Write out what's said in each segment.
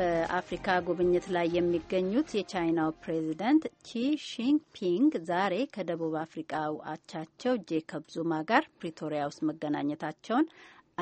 በአፍሪካ ጉብኝት ላይ የሚገኙት የቻይናው ፕሬዚደንት ቺ ሺንፒንግ ዛሬ ከደቡብ አፍሪካው አቻቸው ጄኮብ ዙማ ጋር ፕሪቶሪያ ውስጥ መገናኘታቸውን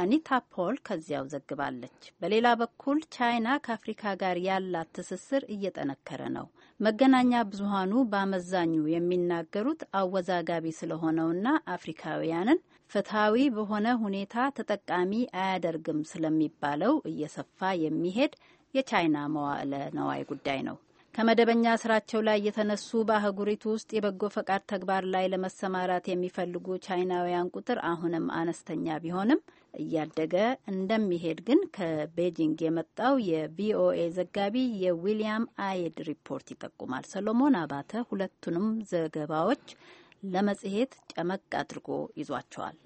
አኒታ ፖል ከዚያው ዘግባለች። በሌላ በኩል ቻይና ከአፍሪካ ጋር ያላት ትስስር እየጠነከረ ነው። መገናኛ ብዙሃኑ በአመዛኙ የሚናገሩት አወዛጋቢ ስለሆነውና አፍሪካውያንን ፍትሐዊ በሆነ ሁኔታ ተጠቃሚ አያደርግም ስለሚባለው እየሰፋ የሚሄድ የቻይና መዋዕለ ነዋይ ጉዳይ ነው። ከመደበኛ ስራቸው ላይ የተነሱ በአህጉሪቱ ውስጥ የበጎ ፈቃድ ተግባር ላይ ለመሰማራት የሚፈልጉ ቻይናውያን ቁጥር አሁንም አነስተኛ ቢሆንም እያደገ እንደሚሄድ ግን ከቤጂንግ የመጣው የቪኦኤ ዘጋቢ የዊሊያም አየድ ሪፖርት ይጠቁማል። ሰሎሞን አባተ ሁለቱንም ዘገባዎች ለመጽሔት ጨመቅ አድርጎ ይዟቸዋል።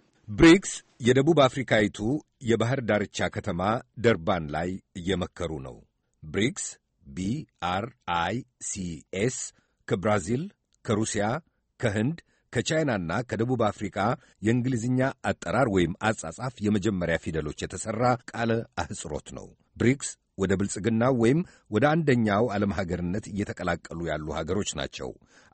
ብሪክስ የደቡብ አፍሪካዊቱ የባህር ዳርቻ ከተማ ደርባን ላይ እየመከሩ ነው። ብሪክስ ቢአርአይሲኤስ ከብራዚል፣ ከሩሲያ፣ ከህንድ፣ ከቻይናና ከደቡብ አፍሪካ የእንግሊዝኛ አጠራር ወይም አጻጻፍ የመጀመሪያ ፊደሎች የተሠራ ቃለ አህጽሮት ነው። ብሪክስ ወደ ብልጽግናው ወይም ወደ አንደኛው ዓለም ሀገርነት እየተቀላቀሉ ያሉ ሀገሮች ናቸው።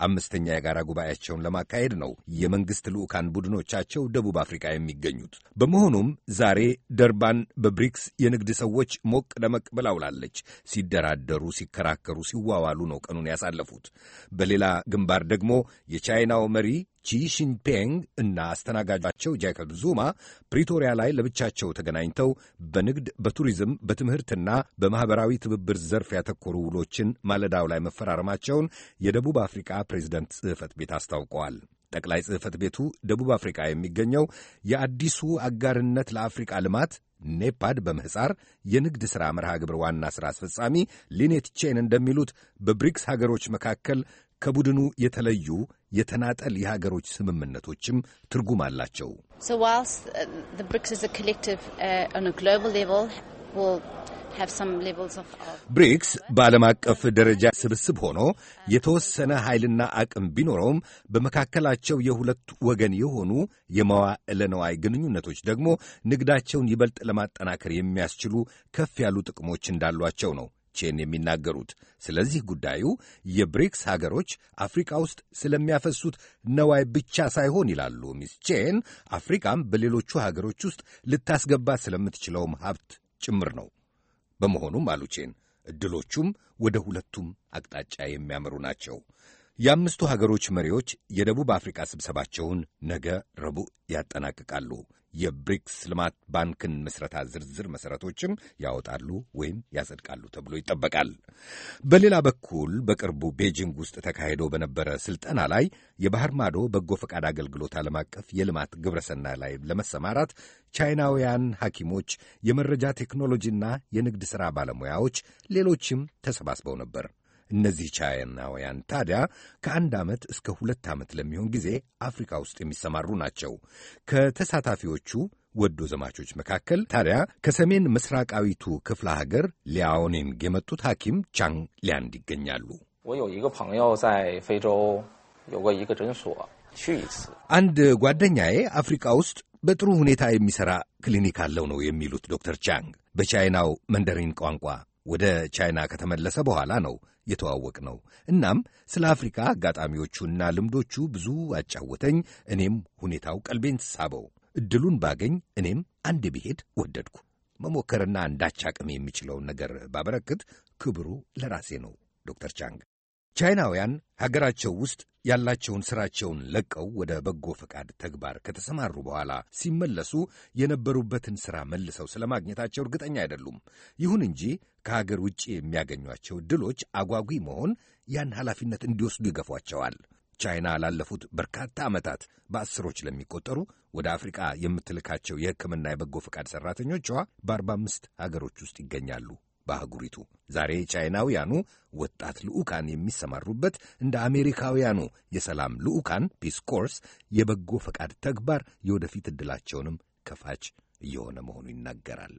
አምስተኛ የጋራ ጉባኤያቸውን ለማካሄድ ነው የመንግሥት ልዑካን ቡድኖቻቸው ደቡብ አፍሪካ የሚገኙት። በመሆኑም ዛሬ ደርባን በብሪክስ የንግድ ሰዎች ሞቅ ደመቅ ብላ ውላለች። ሲደራደሩ፣ ሲከራከሩ፣ ሲዋዋሉ ነው ቀኑን ያሳለፉት። በሌላ ግንባር ደግሞ የቻይናው መሪ ቺሺንፒንግ እና አስተናጋጃቸው ጃይኮብ ዙማ ፕሪቶሪያ ላይ ለብቻቸው ተገናኝተው በንግድ፣ በቱሪዝም፣ በትምህርትና በማኅበራዊ ትብብር ዘርፍ ያተኮሩ ውሎችን ማለዳው ላይ መፈራረማቸውን የደቡብ አፍሪካ ፕሬዚደንት ጽሕፈት ቤት አስታውቀዋል። ጠቅላይ ጽሕፈት ቤቱ ደቡብ አፍሪካ የሚገኘው የአዲሱ አጋርነት ለአፍሪቃ ልማት ኔፓድ በምሕፃር የንግድ ሥራ መርሃ ግብር ዋና ሥራ አስፈጻሚ ሊኔት ቼን እንደሚሉት በብሪክስ ሀገሮች መካከል ከቡድኑ የተለዩ የተናጠል የሀገሮች ስምምነቶችም ትርጉም አላቸው። ብሪክስ uh, uh, በዓለም አቀፍ ደረጃ ስብስብ ሆኖ የተወሰነ ኃይልና አቅም ቢኖረውም በመካከላቸው የሁለት ወገን የሆኑ የመዋዕለ ነዋይ ግንኙነቶች ደግሞ ንግዳቸውን ይበልጥ ለማጠናከር የሚያስችሉ ከፍ ያሉ ጥቅሞች እንዳሏቸው ነው ቼን የሚናገሩት። ስለዚህ ጉዳዩ የብሪክስ ሀገሮች አፍሪካ ውስጥ ስለሚያፈሱት ነዋይ ብቻ ሳይሆን ይላሉ ሚስ ቼን፣ አፍሪካም በሌሎቹ ሀገሮች ውስጥ ልታስገባ ስለምትችለውም ሀብት ጭምር ነው። በመሆኑም አሉ ቼን፣ እድሎቹም ወደ ሁለቱም አቅጣጫ የሚያመሩ ናቸው። የአምስቱ ሀገሮች መሪዎች የደቡብ አፍሪካ ስብሰባቸውን ነገ ረቡዕ ያጠናቅቃሉ። የብሪክስ ልማት ባንክን ምስረታ ዝርዝር መሠረቶችም ያወጣሉ ወይም ያጸድቃሉ ተብሎ ይጠበቃል። በሌላ በኩል በቅርቡ ቤጂንግ ውስጥ ተካሂዶ በነበረ ስልጠና ላይ የባህር ማዶ በጎ ፈቃድ አገልግሎት ዓለም አቀፍ የልማት ግብረሰና ላይ ለመሰማራት ቻይናውያን ሐኪሞች፣ የመረጃ ቴክኖሎጂና የንግድ ሥራ ባለሙያዎች፣ ሌሎችም ተሰባስበው ነበር። እነዚህ ቻይናውያን ታዲያ ከአንድ ዓመት እስከ ሁለት ዓመት ለሚሆን ጊዜ አፍሪካ ውስጥ የሚሰማሩ ናቸው። ከተሳታፊዎቹ ወዶ ዘማቾች መካከል ታዲያ ከሰሜን ምስራቃዊቱ ክፍለ ሀገር ሊያኦኒንግ የመጡት ሐኪም ቻንግ ሊያንድ ይገኛሉ። አንድ ጓደኛዬ አፍሪካ ውስጥ በጥሩ ሁኔታ የሚሠራ ክሊኒክ አለው ነው የሚሉት ዶክተር ቻንግ በቻይናው መንደሪን ቋንቋ ወደ ቻይና ከተመለሰ በኋላ ነው የተዋወቅ ነው። እናም ስለ አፍሪካ አጋጣሚዎቹና ልምዶቹ ብዙ አጫወተኝ። እኔም ሁኔታው ቀልቤን ሳበው። እድሉን ባገኝ እኔም አንድ ብሄድ ወደድኩ። መሞከርና አንዳች አቅም የሚችለውን ነገር ባበረክት ክብሩ ለራሴ ነው። ዶክተር ቻንግ ቻይናውያን ሀገራቸው ውስጥ ያላቸውን ሥራቸውን ለቀው ወደ በጎ ፈቃድ ተግባር ከተሰማሩ በኋላ ሲመለሱ የነበሩበትን ሥራ መልሰው ስለማግኘታቸው እርግጠኛ አይደሉም። ይሁን እንጂ ከሀገር ውጭ የሚያገኟቸው ድሎች አጓጊ መሆን ያን ኃላፊነት እንዲወስዱ ይገፏቸዋል። ቻይና ላለፉት በርካታ ዓመታት በአስሮች ለሚቆጠሩ ወደ አፍሪቃ የምትልካቸው የሕክምና የበጎ ፈቃድ ሠራተኞቿ በአርባ አምስት ሀገሮች ውስጥ ይገኛሉ። በአህጉሪቱ ዛሬ ቻይናውያኑ ወጣት ልዑካን የሚሰማሩበት እንደ አሜሪካውያኑ የሰላም ልዑካን ፒስ ኮርስ የበጎ ፈቃድ ተግባር የወደፊት ዕድላቸውንም ከፋች እየሆነ መሆኑ ይናገራል።